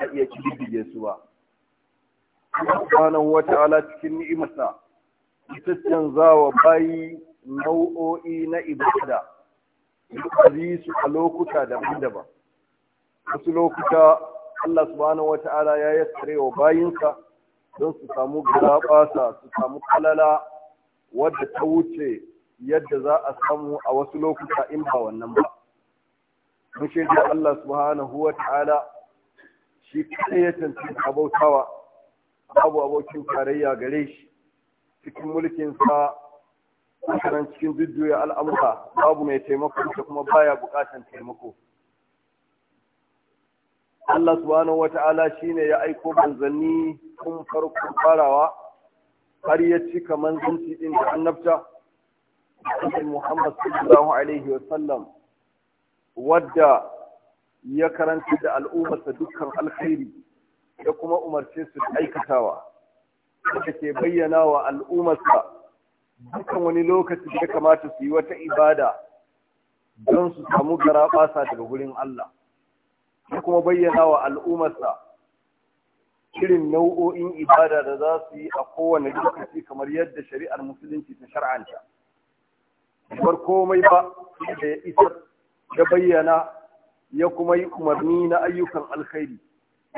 a iya kididdige su ba Allah subhanahu ta'ala cikin ni'imarsa ita canza wa bayi nau'o'i na ibada yi su a lokuta daban-daban wasu lokuta Allah subhanahu ta'ala ya tsare wa bayinsa don su samu gurabasa su samu kalala wadda ta wuce yadda za a samu a wasu lokuta in ba wannan ba mun shaida Allah subhanahu ta'ala shi kaɗai ya cancanta abautawa babu abokin tarayya gare shi cikin mulkinsa a cikin jujjuya al'amura babu mai taimako da kuma baya bukatan taimako Allah subhanahu wata'ala shine ya aiko manzanni tun farko farawa har ya cika manzanci ɗin da annabta Muhammad sallallahu alaihi wa wadda ya karanta da al'ummarsa dukkan alkhairi ya kuma umarce su aikatawa wanda ke bayyana wa al'ummarsa dukkan wani lokaci da ya kamata su yi wata ibada don su samu garaɓasa daga gurin Allah ya kuma bayyana wa al'ummarsa shirin nau'o'in ibada da za su yi a kowane lokaci kamar yadda shari'ar musulunci ta shar'anta. Bar komai ba da ya isar da bayyana ya kuma yi umarni na ayyukan alkhairi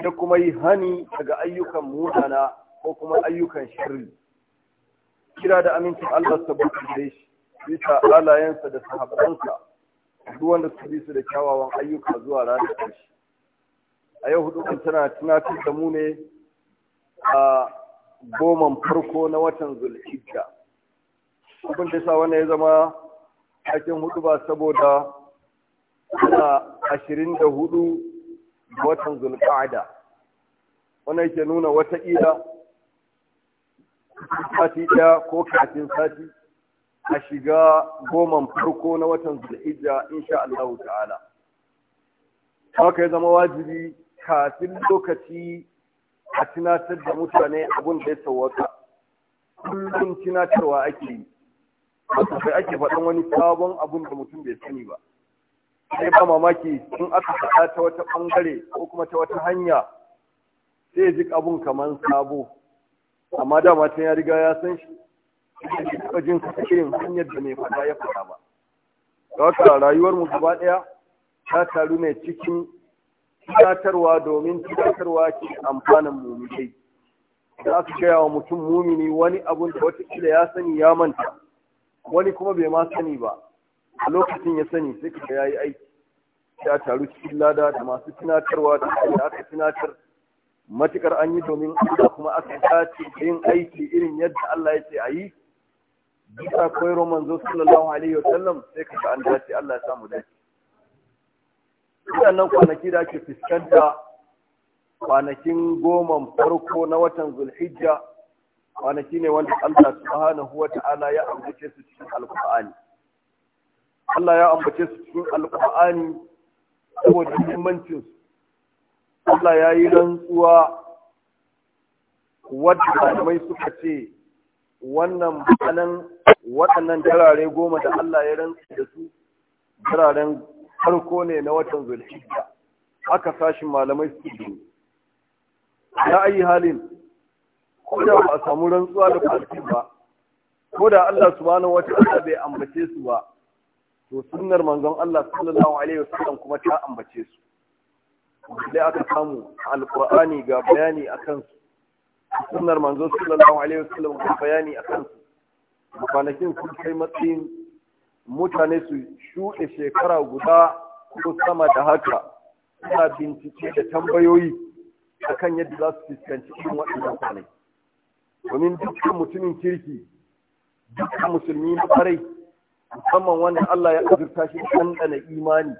ya kuma yi hani daga ayyukan munana ko kuma ayyukan shirri kira da amincin Allah sabbata da shi bisa alayensa da sahabbansa duk wanda su bi su da kyawawan ayyuka zuwa ranar ƙarshe a yau hudu tana tunatar da mu ne a goman farko na watan zulhijja abin da sa wannan ya zama cikin hudu ba saboda ana ashirin da hudu watan zulƙa'ada wannan ke nuna wata wataƙila sati ɗaya ko kafin sati a shiga goman farko na watan zulhijja insha Allah ta'ala haka ya zama wajibi kafin lokaci a tunatar da mutane abin da ya sauwaka kullum tunatarwa ake yi ba ake faɗan wani sabon abin da mutum bai sani ba sai ba mamaki in aka faɗa ta wata bangare ko kuma ta wata hanya sai ji abun kamar sabo amma da mata ya riga ya san shi sai taɓa jin sa irin hanyar da mai fada ya faɗa ba da haka rayuwar mu gaba ɗaya ta taru ne cikin tunatarwa domin tunatarwa ke amfanin muminai da aka gaya wa mutum mumini wani abun da watakila ya sani ya manta wani kuma bai ma sani ba a lokacin ya sani sai ka yayi aiki ya taru cikin lada da masu tunatarwa da aka tunatar matukar an yi domin Allah kuma aka dace yin aiki irin yadda Allah ya ce a yi bisa koyarwar manzo sallallahu alaihi wa sallam sai ka an dace Allah ya samu dace waɗannan kwanaki da ake fuskanta kwanakin goman farko na watan zulhijja kwanaki ne wanda Allah subhanahu wa ta'ala ya ambace su cikin alqur'ani Allah ya ambace su cikin alƙur'ani saboda muhimmancin su Allah ya yi rantsuwa wadda malamai suka ce wannan bayanan waɗannan jarare goma da Allah ya rantsu da su jararen farko ne na watan zulhijja aka sashin malamai su biyu ya ayi halin ko da ba a samu rantsuwa da kwanci ba ko da Allah subhanahu wata ta'ala bai ambace su ba to sunnar manzon Allah sallallahu alaihi wasallam kuma ta ambace su dai aka samu alqur'ani ga bayani akan su sunnar manzon sallallahu alaihi wasallam ga bayani akan su kwanakin sun kai matsayin mutane su shuɗe shekara guda ko sama da haka suna bincike da tambayoyi akan yadda za su fuskanci irin waɗannan kwanaki domin dukkan mutumin kirki dukkan musulmi na ƙarai musamman wanda Allah ya azurta shi ɗanɗana imani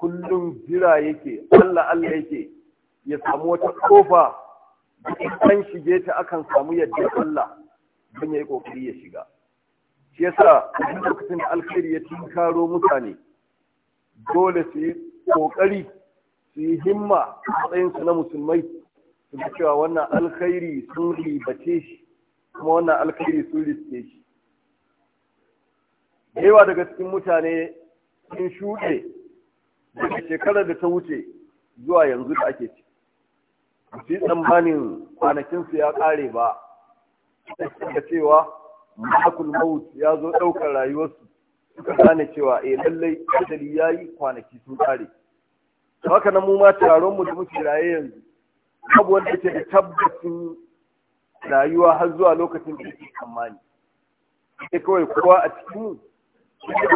kullum jira yake Allah Allah yake ya samu wata kofa an shige ta akan samu yadda Allah don ya yi kokari ya shiga shi yasa duk lokacin da alkhairi ya tinkaro mutane dole su yi kokari su yi himma matsayin su na musulmai su ga cewa wannan alkhairi sun ribace shi kuma wannan alkhairi sun riske shi yawa daga cikin mutane sun shuɗe daga shekarar da ta wuce zuwa yanzu da ake ci shi tsammanin kwanakinsu ya ƙare ba da cewa makul maut ya zo ɗaukar rayuwarsu suka gane cewa eh lallai adali ya yi kwanaki sun ƙare haka na mu ma taron mu da muke raye yanzu abu wanda yake da tabbacin rayuwa har zuwa lokacin da yake tsammani sai kawai kowa a cikin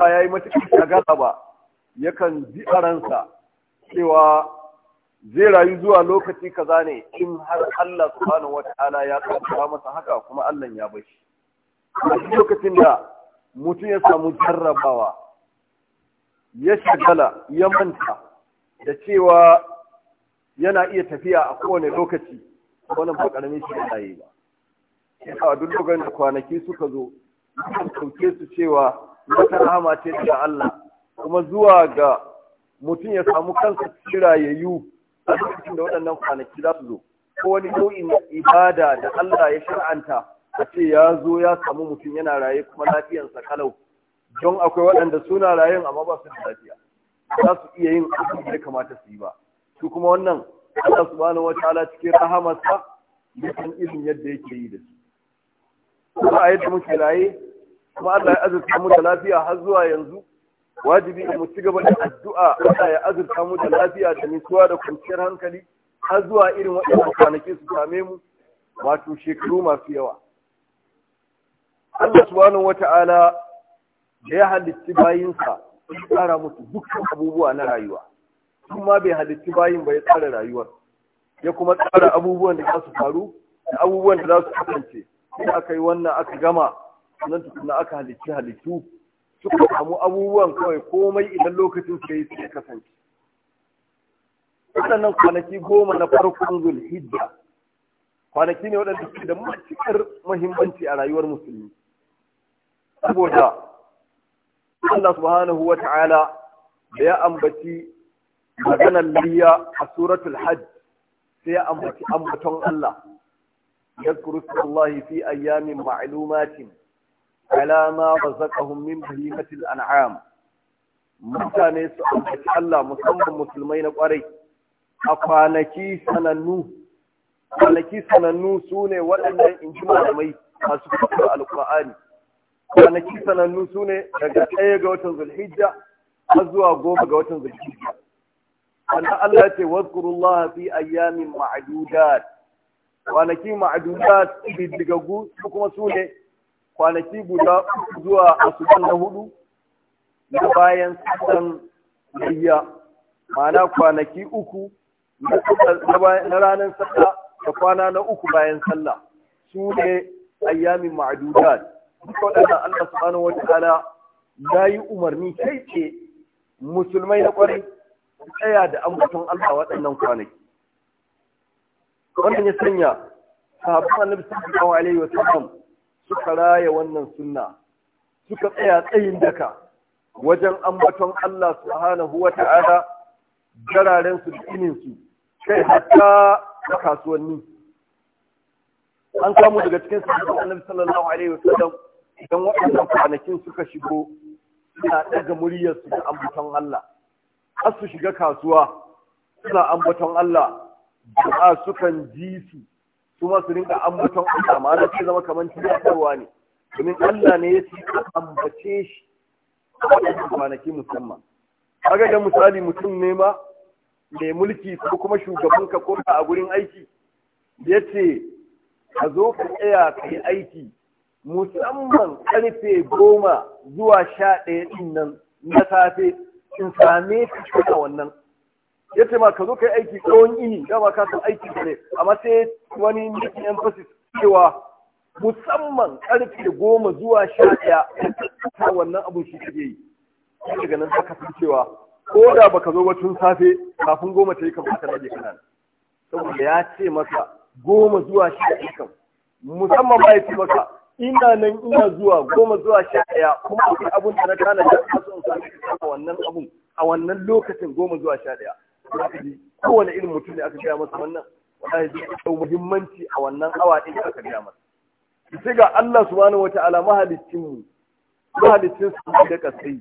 ba ya yi matuƙar shagala ba yakan ji a ransa cewa zai rayu zuwa lokaci kaza ne in har Allah subhanahu wata'ala ya kaddara masa haka kuma Allah ya bar shi a lokacin da mutum ya samu jarrabawa ya shagala ya manta da cewa yana iya tafiya a kowane lokaci wani ba karamin shi yana yi ba a duk lokacin da kwanaki suka zo ɗauke su cewa wata rahama ce daga Allah kuma zuwa ga mutum ya samu kansa cikin rayayyu a lokacin da waɗannan kwanaki za su zo ko wani nau'in ibada da Allah ya shar'anta a ce ya zo ya samu mutum yana raye kuma lafiyansa kalau don akwai waɗanda suna rayen amma ba su da lafiya za su iya yin abin da ya kamata su yi ba su kuma wannan Allah subhanahu wataala cikin rahamarsa ya san irin yadda yake yi da su kuma a yadda muke raye kuma Allah ya azurta mu da lafiya har zuwa yanzu wajibi ne mu ci gaba da addu'a Allah ya azurta mu da lafiya da nutsuwa da kwanciyar hankali har zuwa irin waɗannan kwanaki su same mu wato shekaru masu yawa Allah subhanahu wata'ala da ya halitti bayinsa ya tsara musu dukkan abubuwa na rayuwa kuma bai halitti bayin ba ya tsara rayuwar ya kuma tsara abubuwan da za su faru da abubuwan da za su kasance sai aka yi wannan aka gama sannan tukuna aka halicci halittu suka samu abubuwan kawai komai idan lokacin su yi suka kasance waɗannan kwanaki goma na farkon zulhijja kwanaki ne waɗanda suke da matuƙar muhimmanci a rayuwar musulmi saboda Allah subhanahu wa ta'ala da ya ambaci maganar liya a suratul hajj sai ya ambaci ambaton Allah yadkuru sallallahi fi ayyamin ma'lumatin ala ma razaqahum min bahimatil an'am mutane su ambaci Allah musamman musulmai na kwarai a kwanaki sanannu kwanaki sanannu su ne waɗannan in ji malamai masu kafar alƙur'ani kwanaki sanannu su ne daga ɗaya ga watan zulhijja har zuwa goma ga watan zulhijja wannan Allah ce wazkurullah fi ayyamin ma'dudat kwanaki ma'dudat biddigagu su kuma su ne kwanaki guda zuwa asuban na hudu na bayan sassan layya ma'ana kwanaki uku na ranar sallah da kwana na uku bayan sallah su ne ayyamin ma'adudat duk waɗannan Allah subhanahu wataala ya yi umarni kai ce musulmai na kwarai tsaya da an ambaton Allah waɗannan kwanaki wannan ya sanya sahabban annabi sallallahu alaihi wa sallam suka raya wannan sunna suka tsaya tsayin daka wajen ambaton Allah subhanahu wa ta'ala gararen su da su kai hatta da kasuwanni an samu daga cikin sabbin annabi sallallahu alaihi wasallam idan waɗannan kwanakin suka shigo suna ɗaga muryarsu da ambaton Allah har su shiga kasuwa suna ambaton Allah jama'a sukan ji su su ma su rinka ambaton Allah ma zama kamar tiyatarwa ne domin Allah ne ya ce ambace shi a wadannan kwanaki musamman kaga da misali mutum ne ma mai mulki ko kuma shugaban ka ko a gurin aiki ya ce ka zo ka tsaya ka yi aiki musamman karfe goma zuwa sha ɗaya ɗin nan na safe in same ka wannan ya ce ma ka zo ka yi aiki tsawon ini dama ka san aiki ne amma sai wani making emphasis cewa musamman karfe goma zuwa sha ɗaya ta wannan abun shi kake yi daga nan zaka san cewa ko da baka zo tun safe kafin goma ta yi kamar na rage kana saboda ya ce maka goma zuwa sha ɗaya kam musamman ba ya ce maka ina nan ina zuwa goma zuwa sha ɗaya kuma akwai abin da na tana da kasu in a wannan abun a wannan lokacin goma zuwa sha ɗaya zaka ji kowane irin mutum ne aka gaya masa wannan wallahi zai ɗau muhimmanci a wannan awa ɗin aka gaya masa sai ga Allah subhanahu wataala mahaliccin mu mahaliccin su da kasai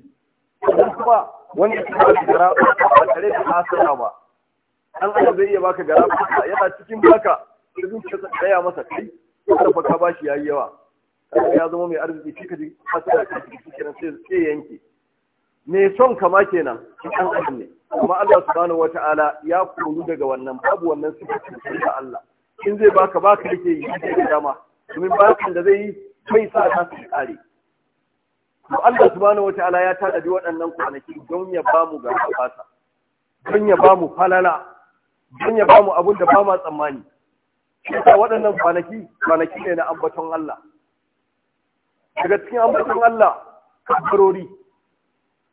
dan kuma wanda ke ba shi gara ba tare da hasara ba an Allah zai iya baka gara ba yana cikin baka da zuciya ta tsaya masa kai kada ba ka bashi yayi yawa kada ya zama mai arziki shi ka ji hasara ka ji kenan sai sai yanke me son kama kenan an adam ne amma Allah subhanahu ta'ala ya koru daga wannan babu wannan sifa da Allah in zai baka baka yake yi da dama domin bakan da zai yi mai sa ta su kare to Allah subhanahu ta'ala ya bi waɗannan kwanaki don ya bamu ga fasa don ya bamu falala don ya bamu abin da ba ma tsammani shi yasa waɗannan kwanaki kwanaki ne na ambaton Allah daga cikin ambaton Allah kabarori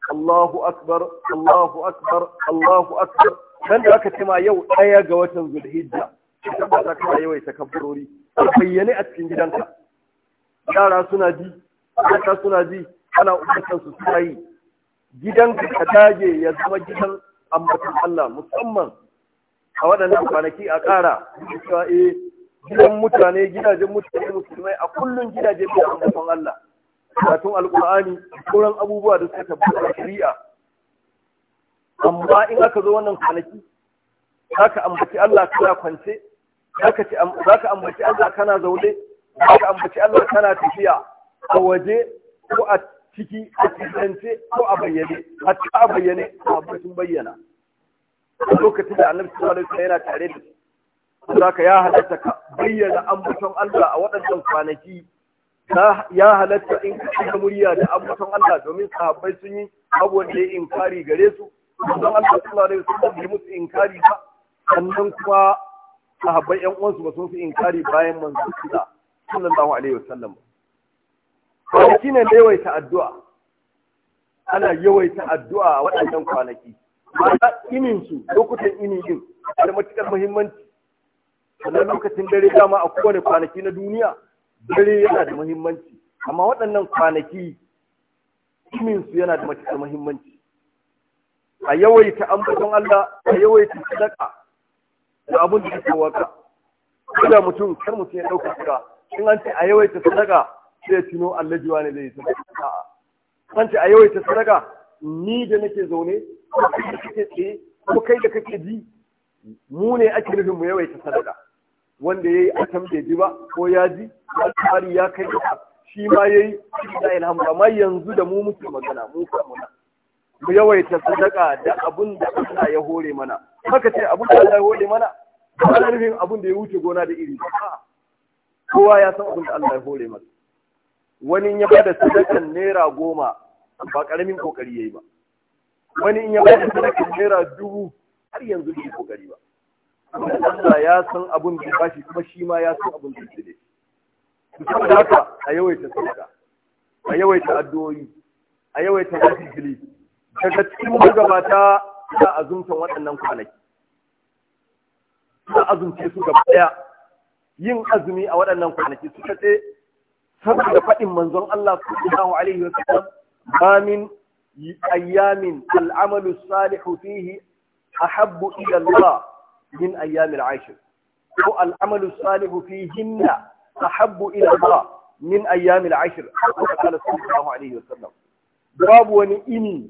Allahu akbar Allahu akbar Allahu akbar dan da aka cima yau ɗaya ga watan Zulhijja ba za ka yawai ka bayyane a cikin gidanka yara suna ji mata suna ji ana umartar su suna yi gidanka ka dage ya zama gidan ambatan Allah musamman a waɗannan kwanaki a ƙara cewa eh gidan mutane gidajen mutane musulmai a kullum gidaje mai ambatan Allah karatun alkur'ani sauran abubuwa da suka tabbata shari'a amma in aka zo wannan kwanaki za ka ambaci Allah kana kwance za ka ambaci Allah kana zaune za ka ambaci Allah kana tafiya a waje ko a ciki a cikinance ko a bayyane a a bayyane a bayyana a lokacin da annabi sallallahu alaihi wasallam yana tare da su ka ya halatta ka bayyana ambaton Allah a waɗannan kwanaki ya halatta in ka murya da ambaton Allah domin sahabbai sun yi abuwan da ya inkari gare su don Allah sallallahu alaihi wasallam bai musu inkari ba sannan kuma sahabbai 'yan uwansu ba sun fi inkari bayan manzon Allah sallallahu alaihi wasallam kwanaki ne da yawaita addu'a ana yawaita addu'a a waɗannan kwanaki mata inin su lokutan inin yin da matukar muhimmanci sannan lokacin dare dama a kowane kwanaki na duniya dare yana da muhimmanci amma waɗannan kwanaki su yana da matuƙar muhimmanci a yawaita ambaton Allah a yawaita sadaka da abin da yake waka kada mutum kar mutum ya ɗauka sadaka in an ce a yawaita sadaka sai ya tuno Allah jiwa ne zai yi sadaka an ce a yawaita sadaka ni da nake zaune ko kai da ko kai da kake ji mu ne ake nufin mu yawaita sadaka wanda yi a can ji ba ko ya ji alfahari ya kai ka shi ma ya yayi da ilhamu amma yanzu da mu muke magana mu kanmu mu yawaita sadaka da abun da Allah ya hore mana haka ce abun da Allah ya hore mana ba da nufin abun da ya wuce gona da iri kowa ya san abin da Allah ya hore mana wani ya bada sadakan naira goma ba karamin kokari yayi ba wani in ya bada sadakan naira dubu har yanzu bai kokari ba Allah ya san abin da ba shi kuma shi ma ya san abin da shi ne saboda haka a yawaita sadaka a yawaita addu'o'i a yawaita fili, daga cikin gabata za a azumta waɗannan kwanaki za a azumce su gaba ɗaya yin azumi a waɗannan kwanaki suka ce saboda faɗin manzon Allah sallallahu alaihi wa sallam ba min ayyamin al'amalu salihu fihi a ila Allah min ayyamil ashir ko al'amalu salihu fihinna ahabbu ila Allah min ayyamil ashir qala sallallahu alaihi wasallam babu wani ini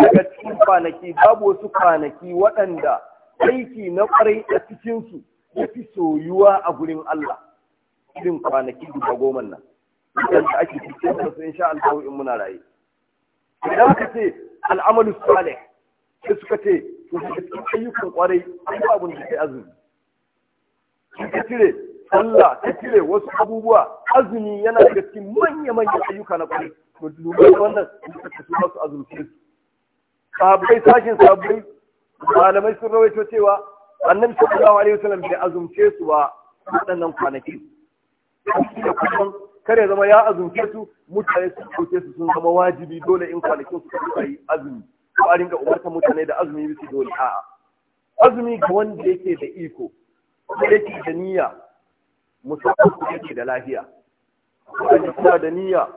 daga cikin kwanaki babu wasu kwanaki waɗanda aiki na ƙwarai a cikinsu ya fi soyuwa a gurin Allah irin kwanaki guda goman nan idan da ake cikin da su sha Allah in muna raye idan ka ce al'amalu salih sai suka ce to da cikin ayyukan kwarai an yi da azumi in ka cire sallah ka cire wasu abubuwa azumi yana da cikin manya-manyan ayyuka na kwarai to duba wannan da ka su masu azumi su sabai sashin sabai malamai sun rawaito cewa annabi sallallahu alaihi wasallam bai azumce su ba waɗannan kwanaki da kar ya zama ya azumce su mutane sun kauce su sun zama wajibi dole in kwanakin su kai azumi ko a rinka umarta mutane da azumi bisa dole a'a azumi ga wanda yake da iko ko yake da niyya musamman ko yake da lafiya da suna da niyya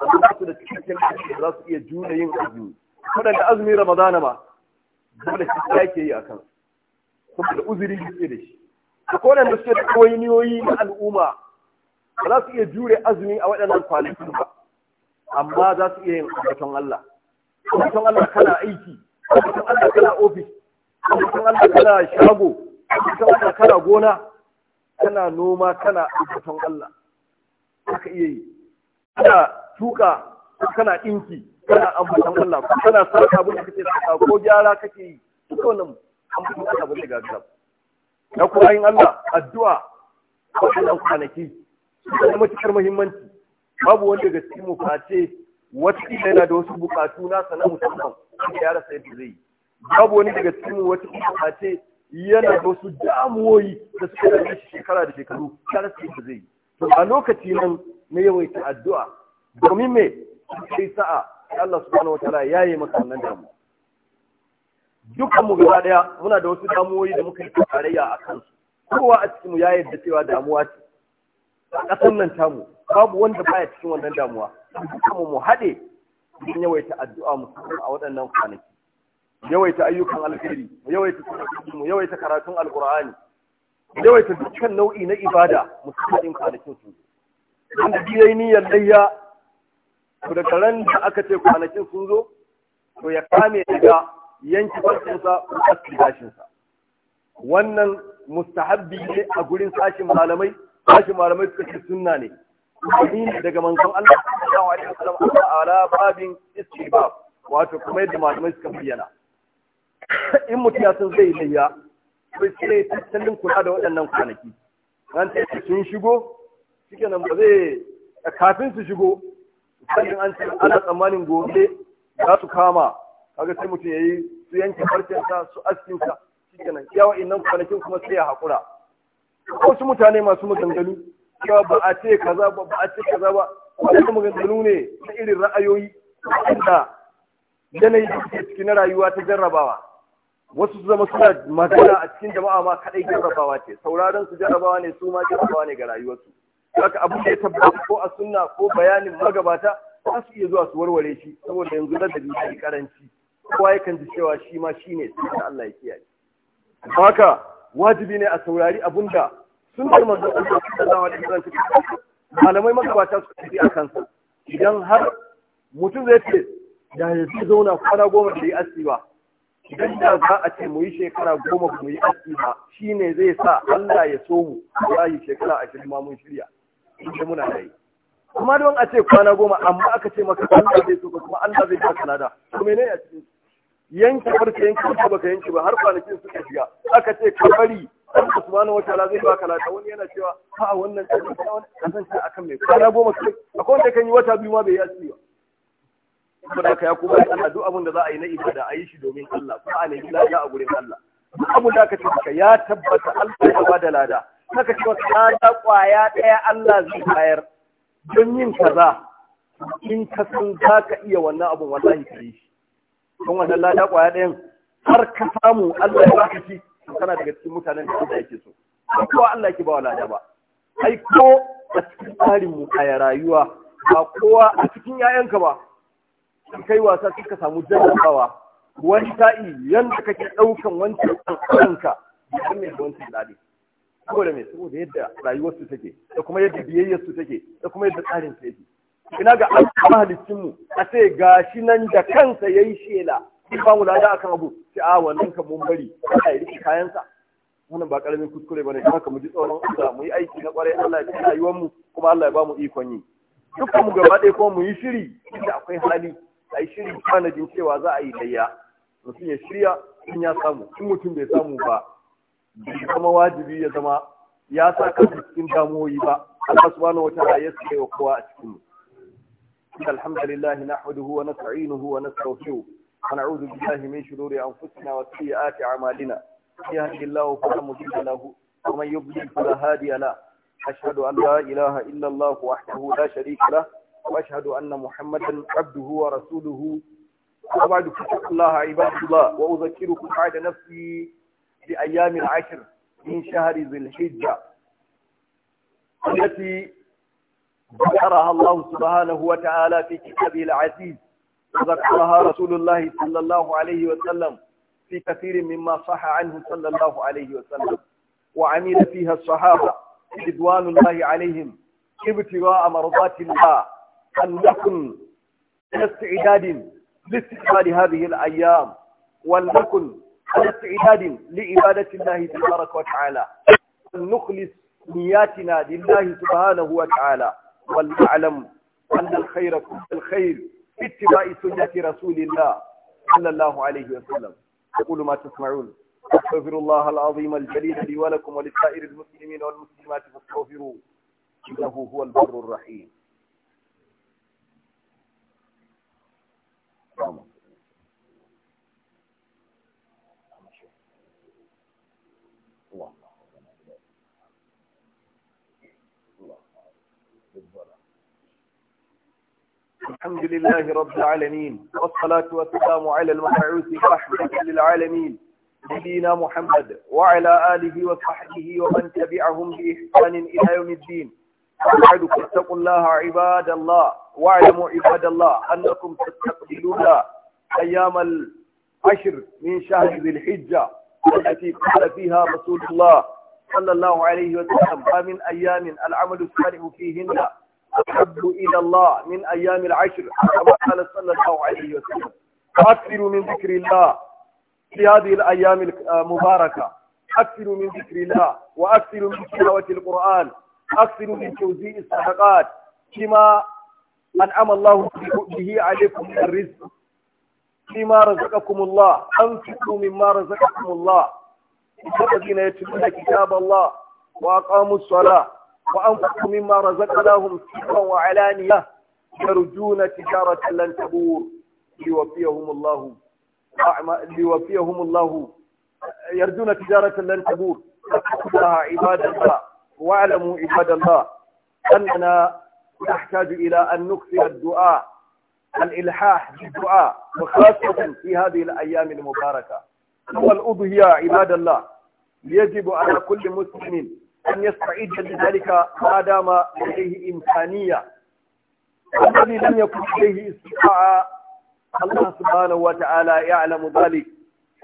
wanda su da cikakken lafiya za su iya juna yin azumi waɗanda azumi ramadana ma dole shi yake yi akan kuma da uzuri yake da shi ko da suke da koyiniyoyi na al'umma ba za su iya jure azumi a waɗannan kwanakin ba amma za su iya yin abokan Allah abokan Allah kana aiki abokan Allah kana ofis abokan Allah kana shago abokan Allah kana gona kana noma kana abokan Allah haka iya yi kana tuka kana ɗinki kana ambaton Allah kana sarka abin da kake sarka ko gyara kake yi duka wannan ambaton Allah ba zai gagara na kuma yin Allah addu'a a wannan kwanaki suna da matuƙar muhimmanci babu wanda gaske mu face wata yana da wasu bukatu nasa na musamman ya rasa yadda zai yi babu wani daga cikin wata kila ce yana da wasu damuwoyi da suka da shi shekara da shekaru ya rasa yadda zai yi to a lokaci nan na yawaita addu'a domin me sai sa'a Allah subhanahu wataala ya yi maka wannan damu dukkan mu gaba daya muna da wasu damuwoyi da muka yi tarayya a kansu kowa a cikin mu ya yarda cewa damuwa ce a ƙasar nan tamu babu wanda baya cikin wannan damuwa kuma mu haɗe mun yawaita addu'a mu a waɗannan kwanaki yawaita ayyukan alheri yawaita mu yawaita karatun alqur'ani yawaita dukkan nau'i na ibada musamman kwanakin su wanda bi niyyar layya to da ran da aka ce kwanakin sun zo to ya kame daga yanki farkinsa ko aski gashinsa wannan mustahabbi ne a gurin sashin malamai sashin malamai suka ce sunna ne umarni daga manzon Allah sallallahu alaihi wasallam ala babin istibab wato kuma yadda malamai suka bayyana in mutum ya san zai yi layya sai sai tattalin kula da waɗannan kwanaki An ce sun shigo shike nan ba zai kafin su shigo sannan an ce ana tsammanin gobe za su kama kaga sai mutum yayi su yanke farcensa su askinsa shike nan yawa innan kwanakin kuma sai ya haƙura wasu mutane masu maganganu cewa ba a ce kaza ba ba a ce kaza ba wannan maganganu ne na irin ra'ayoyi da yanayi da suke ciki rayuwa ta jarrabawa wasu su zama suna magana a cikin jama'a ma kadai jarrabawa ce sauraron su jarrabawa ne su ma jarrabawa ne ga rayuwarsu haka abin da ya tabbata ko a sunna ko bayanin magabata za su iya zuwa su warware shi saboda yanzu ladabi ta yi karanci kowa yakan ji cewa shi ma shi ne, sai Allah ya kiyaye haka wajibi ne a saurari abunda sun ce manzo Allah sallallahu alaihi wasallam malamai magabata su tafi a kansa idan har mutum zai ce da ya fi zauna kwana goma da yi asi ba idan da za a ce mu yi shekara goma mu yi asi ba shine zai sa Allah ya so mu yi shekara ashirin ma mun shirya in muna da yi kuma don a ce kwana goma amma aka ce maka Allah zai so kuma Allah zai baka lada to menene a cikin yanke farce yanke ba ka yanke ba har kwanakin suka shiga aka ce ka bari Allah subhanahu wataala zai baka lada wani yana cewa ha wannan tsarin kana wani kasan shi akan mai kwana goma kai akwai wanda kan yi wata biyu ma bai yi asiri ba saboda haka ya kuma Allah duk abin da za a yi na ibada a yi shi domin Allah kuma a nemi lada a gurin Allah duk abin da aka ce ka ya tabbata Allah ya bada lada haka cewa lada kwaya daya Allah zai bayar don yin kaza in ka san za ka iya wannan abun wallahi ka yi shi don wannan lada kwaya dayan har ka samu Allah ya baka shi to kana daga cikin mutanen da Allah yake so ba kowa Allah yake ba walada ba ai ko a cikin tsarin mu a rayuwa ba kowa a cikin yayanka ba in kai wasa ka samu jarrabawa wani ta'i yanda kake daukan wancan kanka kan mai wancan dadi da me saboda yadda rayuwar su take da kuma yadda biyayyar su take da kuma yadda tsarin su yake ina ga an mu a sai gashi nan da kansa yayi shela ba mu lada akan abu ce a wannan ka mun bari a ya rike kayansa wannan ba karamin kuskure bane kuma mu ji tsoron Allah mu yi aiki na kwarai Allah ya tsaya rayuwar mu kuma Allah ya ba mu ikon yi dukkan mu gaba ɗaya kuma mu yi shiri inda akwai hali a yi shiri jin cewa za a yi layya mutum ya shirya in ya samu in mutum bai samu ba bai zama wajibi ya zama ya sa kansa cikin damuwoyi ba Allah subhanahu wataala ya sake wa kowa a cikin mu alhamdulillah nahmaduhu wa nasta'inuhu wa nastaghfiruh ونعوذ بالله من شرور أنفسنا وسيئات أعمالنا يهدي الله فلا مضل له ومن يضلل فلا هادي له أشهد أن لا إله إلا الله وحده لا شريك له وأشهد أن محمدا عبده ورسوله وبعد فاتقوا الله عباد الله وأذكركم بعد نفسي بأيام العشر من شهر ذي الحجة التي ذكرها الله سبحانه وتعالى في كتابه العزيز وذكرها رسول الله صلى الله عليه وسلم في كثير مما صح عنه صلى الله عليه وسلم وعمل فيها الصحابة رضوان الله عليهم ابتغاء مرضات الله أن نكن استعداد لاستقبال هذه الأيام ولنكن على استعداد لعبادة الله تبارك وتعالى نخلص نياتنا لله سبحانه وتعالى ولنعلم أن الخير كل الخير اتباع سنة رسول الله صلى الله عليه وسلم أقول ما تسمعون أستغفر الله العظيم الجليل لي ولكم ولسائر المسلمين والمسلمات فاستغفروه إنه هو البر الرحيم الحمد لله رب العالمين والصلاة والسلام على المبعوث رحمة للعالمين نبينا محمد وعلى آله وصحبه ومن تبعهم بإحسان إلى يوم الدين وبعد فاتقوا الله عباد الله واعلموا عباد الله أنكم تستقبلون أيام العشر من شهر ذي الحجة التي قال فيها رسول الله صلى الله عليه وسلم ما من أيام العمل الصالح فيهن أحب إلى الله من أيام العشر كما قال صلى الله عليه وسلم أكثر من ذكر الله في هذه الأيام المباركة أكثر من ذكر الله وأكثر من تلاوة القرآن أكثر من توزيع الصدقات فيما أنعم الله به عليكم من الرزق فيما رزقكم الله أنفقوا مما رزقكم الله الذين يتلون كتاب الله وأقاموا الصلاة وأنفقوا مما رزقناهم سرا وعلانية يرجون تجارة لن تبور ليوفيهم الله ليوفيهم الله يرجون تجارة لن تبور فاتقوا الله عباد الله واعلموا عباد الله أننا نحتاج إلى أن نكثر الدعاء الإلحاح بالدعاء وخاصة في هذه الأيام المباركة ثم عباد الله يجب على كل مسلم أن يستعيد لذلك ما دام لديه إمكانية الذي لم يكن لديه استطاعة الله سبحانه وتعالى يعلم ذلك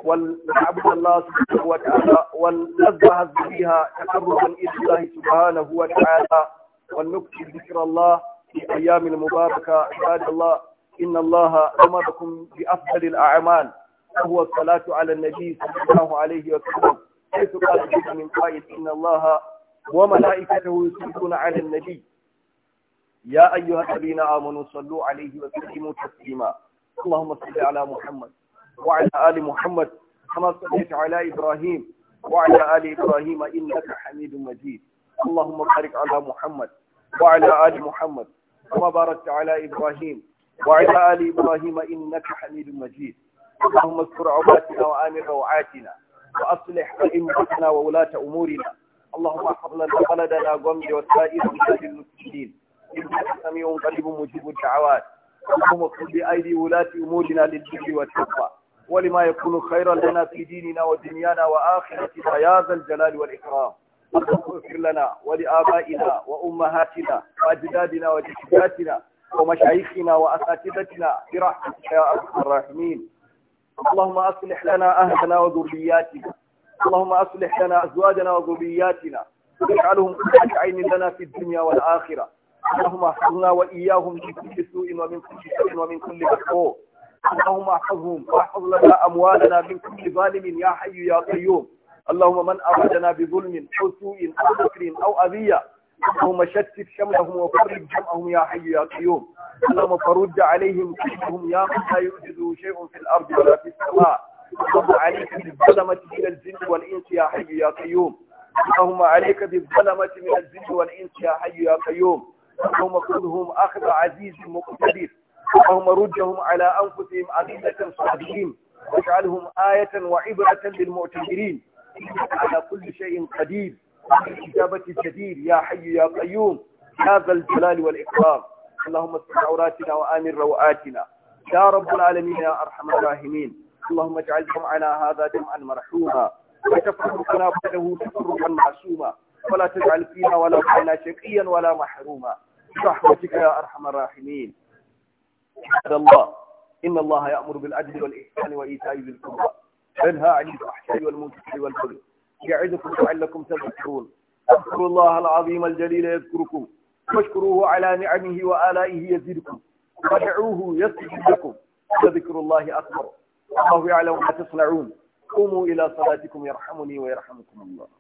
ولنعبد الله سبحانه وتعالى ولنذبح بها تقربا إلى الله سبحانه وتعالى ولنكتب ذكر الله في أيام المباركة عباد الله إن الله أمركم بأفضل الأعمال وهو الصلاة على النبي صلى الله عليه وسلم حيث قال جزء من قائل إن الله وملائكته يصلون على النبي يا أيها الذين آمنوا صلوا عليه وسلموا تسليما اللهم صل على محمد وعلى آل محمد كما صليت على إبراهيم وعلى آل إبراهيم إنك حميد مجيد اللهم بارك على محمد وعلى آل محمد كما باركت على إبراهيم وعلى آل إبراهيم إنك حميد مجيد اللهم اذكر عباتنا وآمن روعاتنا وأصلح أئمتنا وولاة أمورنا اللهم احفظ لنا بلدنا غمد وسائر بلاد المسلمين إنك سميع قريب مجيب الدعوات اللهم اغفر بأيدي ولاة أمورنا للبر والتقوى ولما يكون خيرا لنا في ديننا ودنيانا وآخرتنا يا ذا الجلال والإكرام اللهم اغفر لنا ولآبائنا وأمهاتنا وأجدادنا وجداتنا ومشايخنا وأساتذتنا برحمتك يا أرحم الراحمين اللهم أصلح لنا أهلنا وذرياتنا اللهم أصلح لنا أزواجنا وذرياتنا واجعلهم قرة عين لنا في الدنيا والآخرة اللهم احفظنا وإياهم من كل سوء ومن كل شر ومن كل مكروه اللهم احفظهم واحفظ لنا أموالنا من كل ظالم يا حي يا قيوم اللهم من أرادنا بظلم أو سوء أو فكر أو أذية اللهم شتت شملهم وفرق جمعهم يا حي يا قيوم اللهم فرد عليهم كلهم يا من لا يعجزه شيء في الارض ولا في السماء اللهم عليك بالظلمة من الجن والانس يا حي يا قيوم اللهم عليك بالظلمة من الجن والانس يا حي يا قيوم اللهم خذهم اخذ عزيز مقتدر اللهم ردهم على انفسهم عزيزة صادقين واجعلهم آية وعبرة للمعتبرين على كل شيء قدير بالإجابة الجدير يا حي يا قيوم يا ذا الجلال والإكرام اللهم استر عوراتنا وآمن روآتنا يا رب العالمين يا أرحم الراحمين اللهم اجعل جمعنا هذا جمعا مرحوما وتفرقنا بعده تفرقا معصوما ولا تجعل فينا ولا فينا شقيا ولا محروما برحمتك يا أرحم الراحمين عباد الله إن الله يأمر بالعدل والإحسان وإيتاء ذي القربى وينهى عن الفحشاء والمنكر والبغي يعدكم لعلكم تذكرون اذكروا الله العظيم الجليل يذكركم واشكروه على نعمه وآلائه يزدكم ودعوه يصلح لكم وذكر الله أكبر الله يعلم ما تصنعون قوموا إلى صلاتكم يرحمني ويرحمكم الله